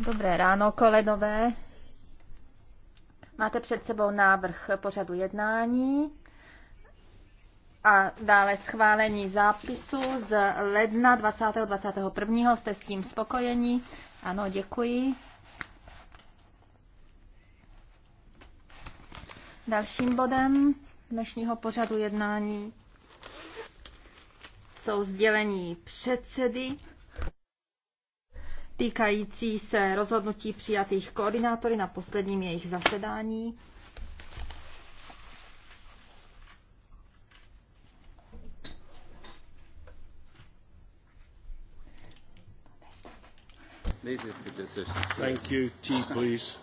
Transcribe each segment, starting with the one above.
Dobré ráno, kolegové. Máte před sebou návrh pořadu jednání a dále schválení zápisu z ledna 20. 21. Jste s tím spokojeni? Ano, děkuji. Dalším bodem dnešního pořadu jednání jsou sdělení předsedy týkající se rozhodnutí přijatých koordinátory na posledním jejich zasedání. Thank you. Tea, please.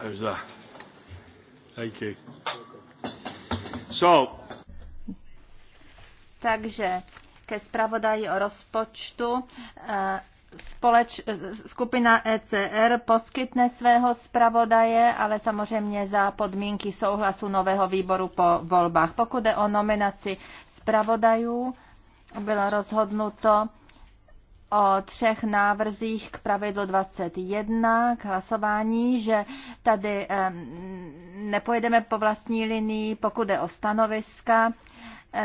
How's that? Takže ke zpravodaji o rozpočtu eh, společ, eh, skupina ECR poskytne svého zpravodaje, ale samozřejmě za podmínky souhlasu nového výboru po volbách. Pokud je o nominaci zpravodajů, bylo rozhodnuto, o třech návrzích k pravidlu 21, k hlasování, že tady nepojedeme po vlastní linii, pokud je o stanoviska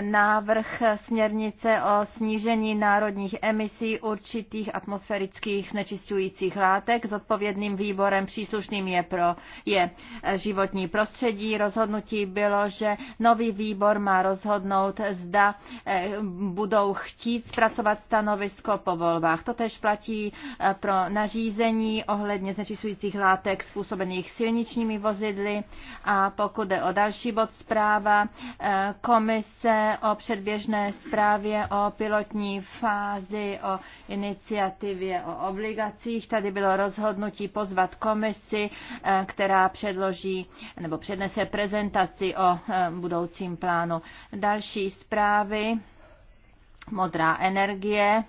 návrh směrnice o snížení národních emisí určitých atmosférických znečistujících látek. Zodpovědným výborem příslušným je pro je životní prostředí. Rozhodnutí bylo, že nový výbor má rozhodnout, zda eh, budou chtít zpracovat stanovisko po volbách. To tež platí eh, pro nařízení ohledně znečistujících látek způsobených silničními vozidly a pokud jde o další bod zpráva, eh, komise o předběžné zprávě, o pilotní fázi, o iniciativě, o obligacích. Tady bylo rozhodnutí pozvat komisi, eh, která předloží nebo přednese prezentaci o eh, budoucím plánu. Další zprávy, modrá energie,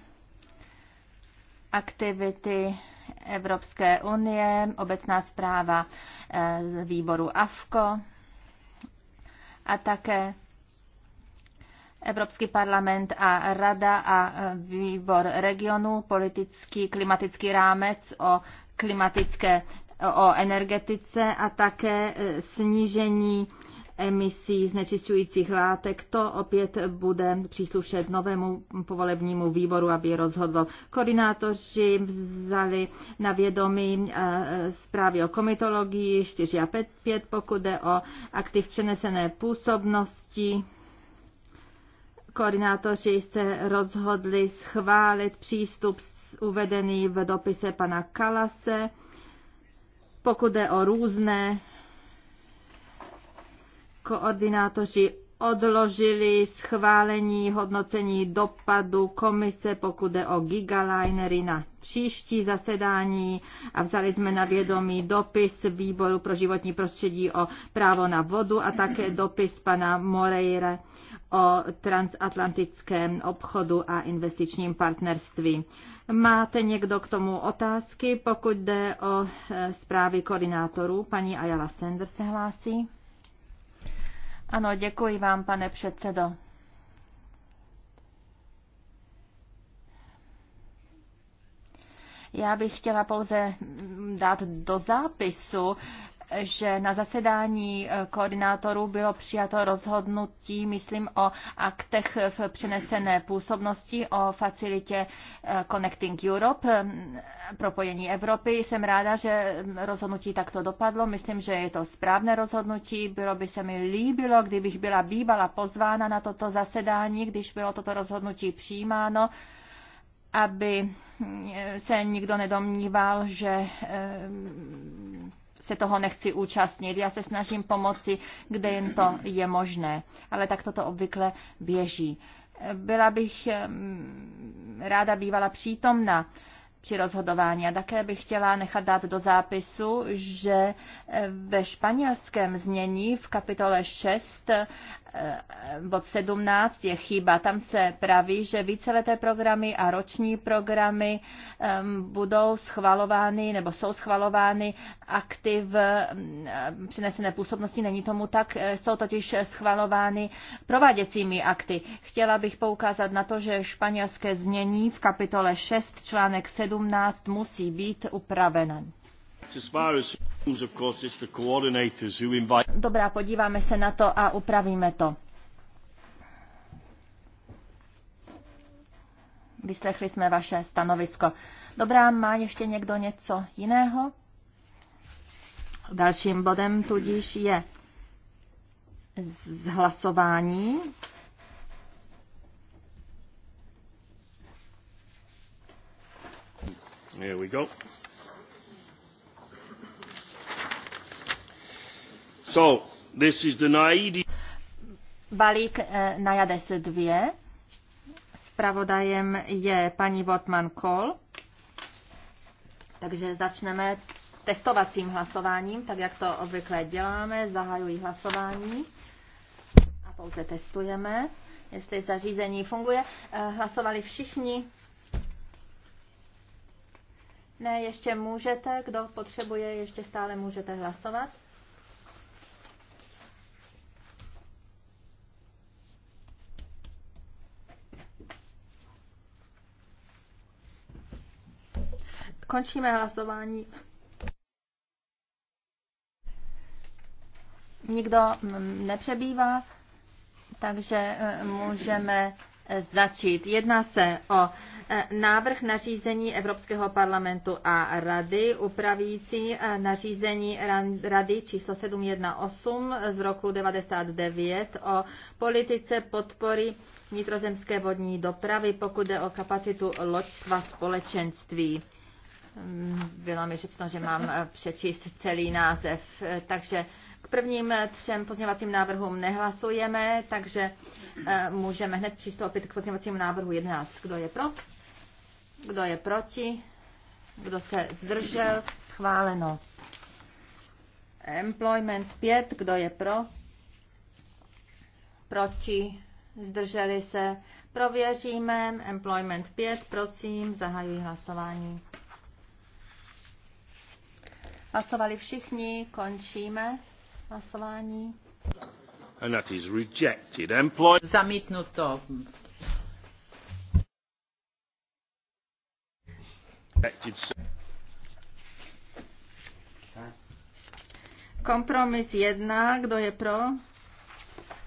aktivity Evropské unie, obecná zpráva eh, výboru AFKO a také Evropský parlament a Rada a e, výbor regionu, politický klimatický rámec o klimatické o energetice a také e, snížení emisí znečišťujících látek. To opět bude příslušet novému povolebnímu výboru, aby rozhodl. Koordinátoři vzali na vědomí e, zprávy o komitologii 4 a 5, pokud jde o aktiv přenesené působnosti koordinátoři se rozhodli schválit přístup uvedený v dopise pana Kalase, pokud jde o různé koordinátoři odložili schválení hodnocení dopadu komise, pokud jde o gigalinery na příští zasedání a vzali jsme na vědomí dopis výboru pro životní prostředí o právo na vodu a také dopis pana Moreira o transatlantickém obchodu a investičním partnerství. Máte někdo k tomu otázky? Pokud jde o e, zprávy koordinátorů, paní Ayala Sender se hlásí. Ano, děkuji vám, pane předsedo. Já bych chtěla pouze dát do zápisu že na zasedání eh, koordinátorů bylo přijato rozhodnutí, myslím, o aktech v přenesené působnosti, o facilitě eh, Connecting Europe, mm, propojení Evropy. Jsem ráda, že mm, rozhodnutí takto dopadlo. Myslím, že je to správné rozhodnutí. Bylo by se mi líbilo, kdybych byla bývala pozvána na toto zasedání, když bylo toto rozhodnutí přijímáno aby mm, se nikdo nedomníval, že eh, se toho nechci účastnit. Já se snažím pomoci, kde jen to je možné. Ale tak toto obvykle běží. Byla bych mm, ráda bývala přítomna při rozhodování. A také bych chtěla nechat dát do zápisu, že eh, ve španělském znění v kapitole 6 eh, bod 17 je chyba. Tam se praví, že víceleté programy a roční programy ehm, budou schvalovány nebo jsou schvalovány aktiv ehm, přinesené působnosti. Není tomu tak, eh, jsou totiž schvalovány prováděcími akty. Chtěla bych poukázat na to, že španělské znění v kapitole 6 článek 7 17 musí být upravena. Dobrá, podíváme se na to a upravíme to. Vyslechli jsme vaše stanovisko. Dobrá, má ještě někdo něco jiného? Dalším bodem tudíž je zhlasování. Here we go. So, this is the Naidi. Balík eh, na JADES 2. Spravodajem je paní Wortmann Kohl. Takže začneme testovacím hlasováním, tak jak to obvykle děláme. Zahajuji hlasování a pouze testujeme, jestli zařízení funguje. Eh, hlasovali všichni. Ne, ještě můžete, kdo potřebuje, ještě stále můžete hlasovat. Končíme hlasování. Nikdo mm, nepřebývá, takže eh, můžeme eh, začít. Jedná se o E, návrh nařízení Evropského parlamentu a rady upravící e, nařízení rady číslo 718 z roku 99 o politice podpory vnitrozemské vodní dopravy, pokud jde o kapacitu loďstva společenství. Mm, bylo mi řečeno, že mám e, přečíst celý název. Takže k prvním třem pozměňovacím návrhům nehlasujeme, takže můžeme hned přistoupit k pozměňovacímu návrhu 11. Kdo je pro? Kdo je proti? Kdo se zdržel? Schváleno. Employment 5. Kdo je pro? Proti? Zdrželi se? Prověříme. Employment 5. Prosím, zahajuji hlasování. Hlasovali všichni, končíme hlasování. And that is rejected. Employ- Zamítnuto. Kompromis jedna, kdo je pro?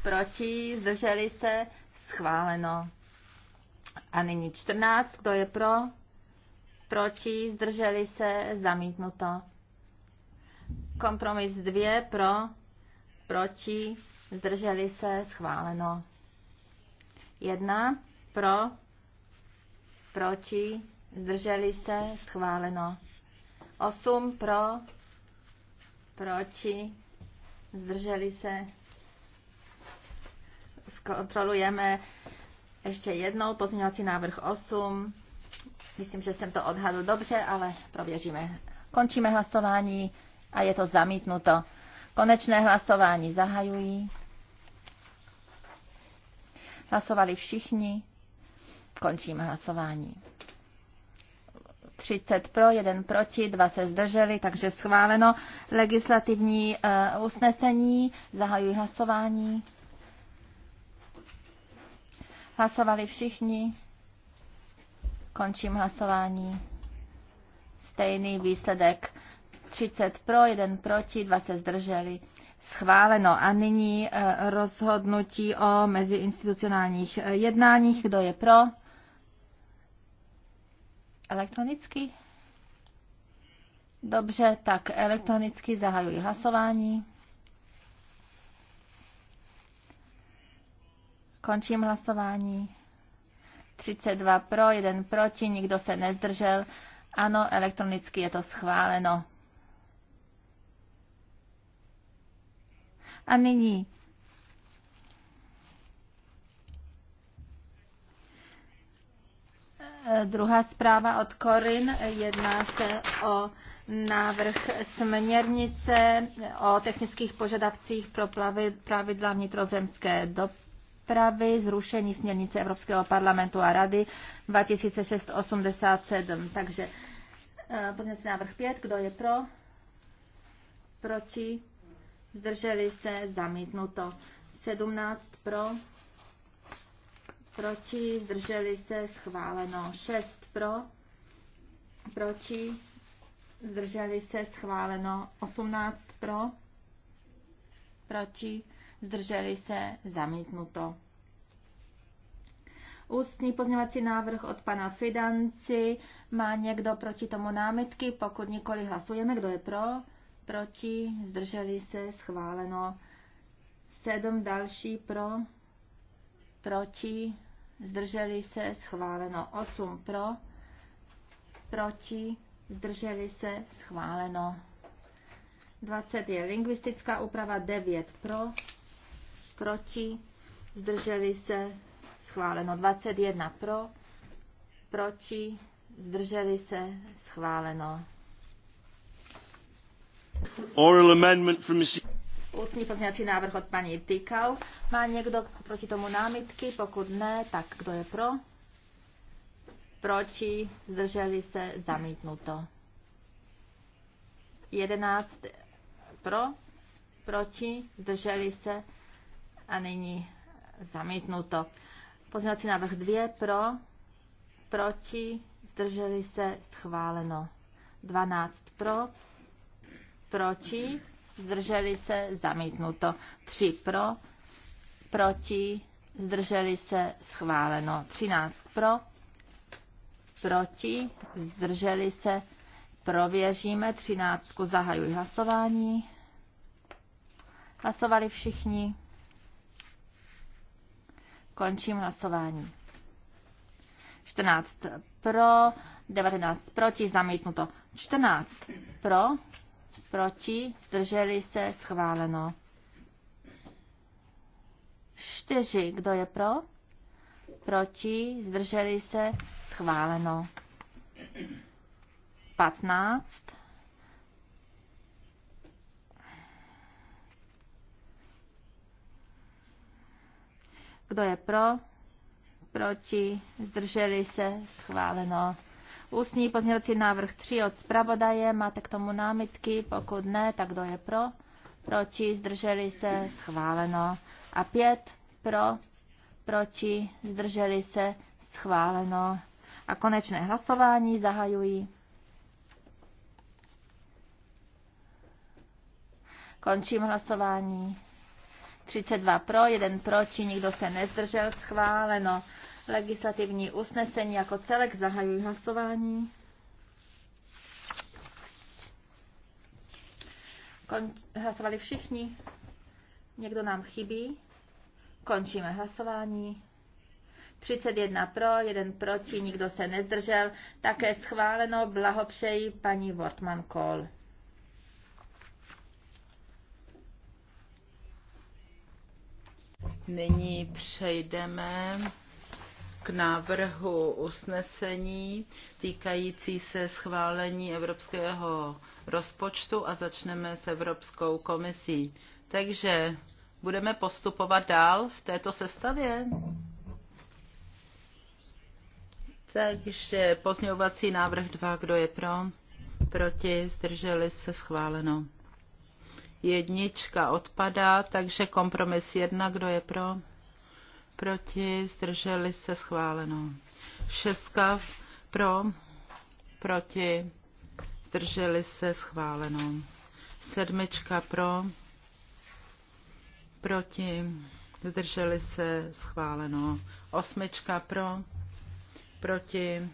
Proti, zdrželi se, schváleno. A nyní 14, kdo je pro? Proti, zdrželi se, zamítnuto. Kompromis 2, pro, proti, zdrželi se, schváleno. 1, pro, proti, zdrželi se, schváleno. 8 pro, proti, zdrželi se, zkontrolujeme ještě jednou pozměňovací návrh 8. Myslím, že jsem to odhadl dobře, ale prověříme. Končíme hlasování a je to zamítnuto. Konečné hlasování zahajují. Hlasovali všichni. končíme hlasování. 30 pro, 1 proti, 2 se zdrželi, takže schváleno. Legislativní uh, usnesení, zahajuji hlasování. Hlasovali všichni. Končím hlasování. Stejný výsledek. 30 pro, 1 proti, 2 se zdrželi. Schváleno. A nyní eh, rozhodnutí o meziinstitucionálních eh, jednáních. Kdo je pro? Elektronicky? Dobře, tak elektronicky zahajuji hlasování. Končím hlasování. 32 pro, 1 proti, nikdo se nezdržel. Ano, elektronicky je to schváleno. A nyní Druhá zpráva od Korin, jedná se o návrh směrnice o technických požadavcích pro pravidla vnitrozemské dopravy, zrušení směrnice Evropského parlamentu a rady 2006/87. Takže eh, pozměňovací návrh 5, kdo je pro? Proti? Zdrželi se? Zamítnuto. 17 pro? proti, zdrželi se, schváleno. 6 pro, proti, zdrželi se, schváleno. 18 pro, proti, zdrželi se, zamítnuto. Ústní pozměvací návrh od pana Fidanci. Má někdo proti tomu námitky? Pokud nikoli hlasujeme, kdo je pro? Proti, zdrželi se, schváleno. Sedm další pro, proti, zdrželi se, schváleno 8 pro, proti, zdrželi se, schváleno. 20 je lingvistická úprava, 9 pro, proti, zdrželi se, schváleno. 21 pro, proti, zdrželi se, schváleno. Oral amendment from Mr ústní pozměňovací návrh od paní Tykal. Má někdo proti tomu námitky? Pokud ne, tak kdo je pro? Proti? Zdrželi se? Zamítnuto. 11 pro, proti, zdrželi se a nyní zamítnuto. Pozměňovací návrh 2 pro, proti, zdrželi se, schváleno. 12 pro, proti, zdrželi se, zamítnuto. 3 pro, proti, zdrželi se, schváleno. 13 pro, proti, zdrželi se, prověříme. 13 zahajuji hlasování. Hlasovali všichni. Končím hlasování. 14 pro, 19 proti, zamítnuto. 14 pro, proti, zdrželi se, schváleno. 4. Kdo je pro? Proti, zdrželi se, schváleno. 15. Kdo je pro? Proti, zdrželi se, schváleno. Ústní pozměňovací návrh 3 od zpravodaje. Máte k tomu námitky? Pokud ne, tak kdo je pro? Proti? Zdrželi se? Schváleno. A 5 pro? Proti? Zdrželi se? Schváleno. A konečné hlasování zahajují. Končím hlasování. 32 pro, 1 proti, nikdo se nezdržel, schváleno legislativní usnesení jako celek. Zahajuji hlasování. Kon- hlasovali všichni? Někdo nám chybí? Končíme hlasování. 31 pro, 1 proti, nikdo se nezdržel. Také schváleno, blahopřeji paní Wortman Kohl. Nyní přejdeme k návrhu usnesení týkající se schválení evropského rozpočtu a začneme s Evropskou komisí. Takže budeme postupovat dál v této sestavě? Takže pozměňovací návrh 2, kdo je pro? Proti, zdrželi se schváleno. Jednička odpadá, takže kompromis 1, kdo je pro? proti, zdrželi se schváleno. Šestka pro, proti, zdrželi se schváleno. Sedmička pro, proti, zdrželi se schváleno. Osmička pro, proti,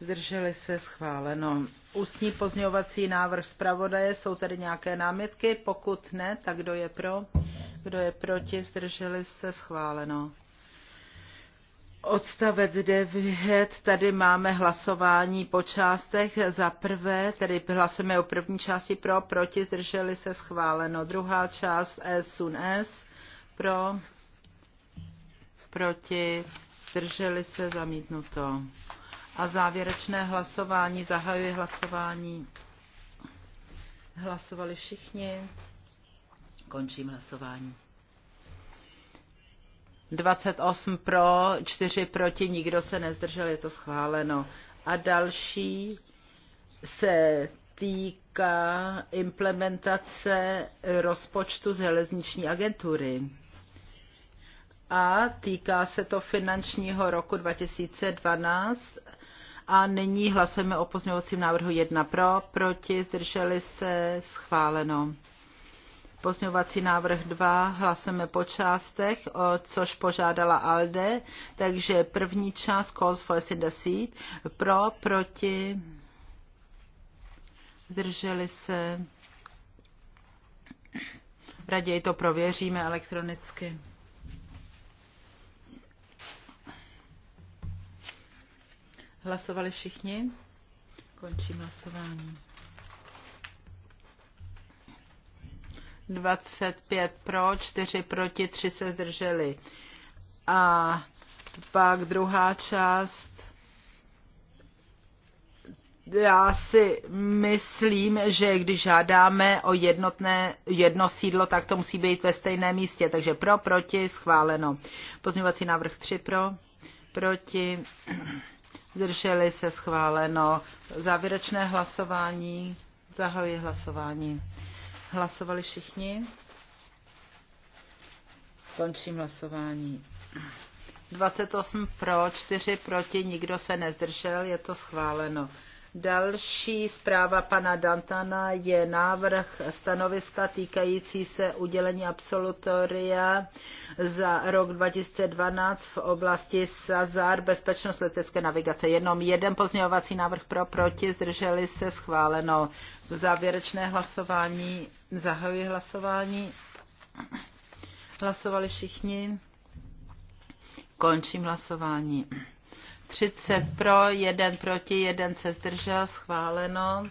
zdrželi se schváleno. Ústní pozňovací návrh zpravodaje, jsou tady nějaké námitky? Pokud ne, tak kdo je pro? Kdo je proti? Zdrželi se? Schváleno. Odstavec 9, tady máme hlasování po částech. Za prvé, tedy hlasujeme o první části pro, proti, zdrželi se schváleno. Druhá část S, sun S, pro, proti, zdrželi se zamítnuto. A závěrečné hlasování, zahajuje hlasování. Hlasovali všichni. Končím hlasování. 28 pro, 4 proti, nikdo se nezdržel, je to schváleno. A další se týká implementace rozpočtu železniční agentury. A týká se to finančního roku 2012 a nyní hlasujeme o pozměňovacím návrhu 1 pro, proti, zdrželi se, schváleno. Pozměňovací návrh 2 hlasujeme po částech, o což požádala ALDE, takže první část calls for the seat. pro, proti, zdrželi se, raději to prověříme elektronicky. Hlasovali všichni? Končím hlasování. 25 pro, 4 proti, 3 se zdrželi. A pak druhá část. Já si myslím, že když žádáme o jednotné, jedno sídlo, tak to musí být ve stejném místě. Takže pro, proti, schváleno. Pozměňovací návrh 3 pro, proti, zdrželi se schváleno. Závěrečné hlasování, zahajuji hlasování. Hlasovali všichni? Končím hlasování. 28 pro, 4 proti, nikdo se nezdržel, je to schváleno. Další zpráva pana Dantana je návrh stanoviska týkající se udělení absolutoria za rok 2012 v oblasti SAZAR bezpečnost letecké navigace. Jenom jeden pozměňovací návrh pro proti, zdrželi se schváleno. Závěrečné hlasování, zahajuji hlasování. Hlasovali všichni. Končím hlasování. 30 pro, 1 proti, 1 se zdržel, schváleno.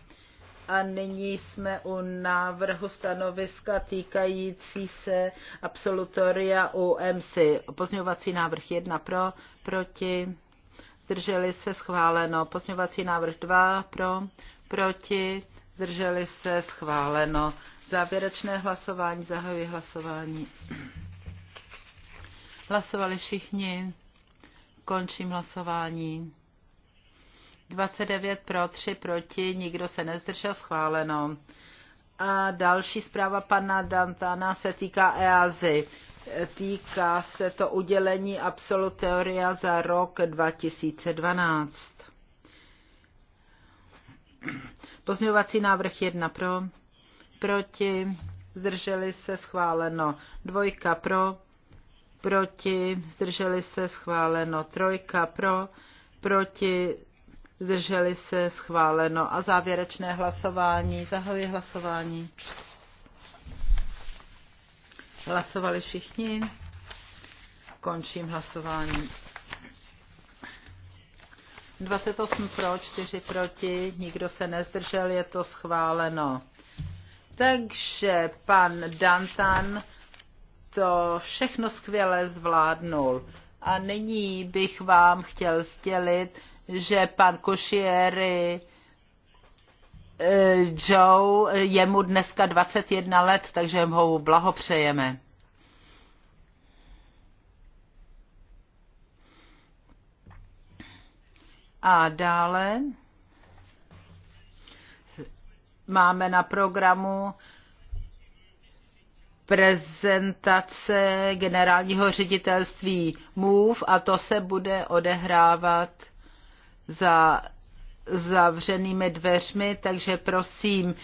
A nyní jsme u návrhu stanoviska týkající se absolutoria u MSI. Pozměňovací návrh 1 pro, proti, zdrželi se, schváleno. Pozměňovací návrh 2 pro, proti, zdrželi se, schváleno. Závěrečné hlasování, zahajuji hlasování. Hlasovali všichni. Končím hlasování. 29 pro, 3 proti, nikdo se nezdržel, schváleno. A další zpráva pana Dantana se týká EASY. Týká se to udělení absolutoria za rok 2012. Pozměňovací návrh 1 pro, proti, zdrželi se schváleno. Dvojka pro, proti, zdrželi se, schváleno. Trojka pro, proti, zdrželi se, schváleno. A závěrečné hlasování. Zahajuji hlasování. Hlasovali všichni. Končím hlasování. 28 pro, 4 proti, nikdo se nezdržel, je to schváleno. Takže pan Dantan to všechno skvěle zvládnul. A nyní bych vám chtěl sdělit, že pan Košieri eh, Joe, je mu dneska 21 let, takže mu blahopřejeme. A dále máme na programu prezentace generálního ředitelství MOVE a to se bude odehrávat za zavřenými dveřmi, takže prosím,